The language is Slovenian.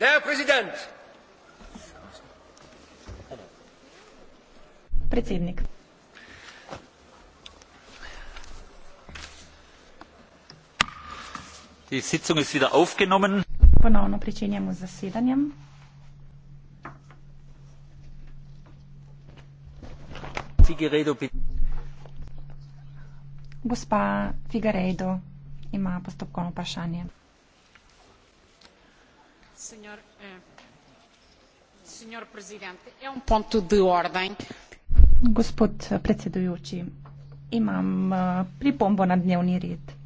Herr Präsident! Predsednik. Die Sitzung ist wieder aufgenommen. Ponovno pričenjamo z zasedanjem. Figueiredo, Gospa Figueiredo ima postopkovno vprašanje. Senhor, eh, senhor Presidente, é um ponto de ordem. Gospod predsedujoči, imam uh, pripombo na dnevni red.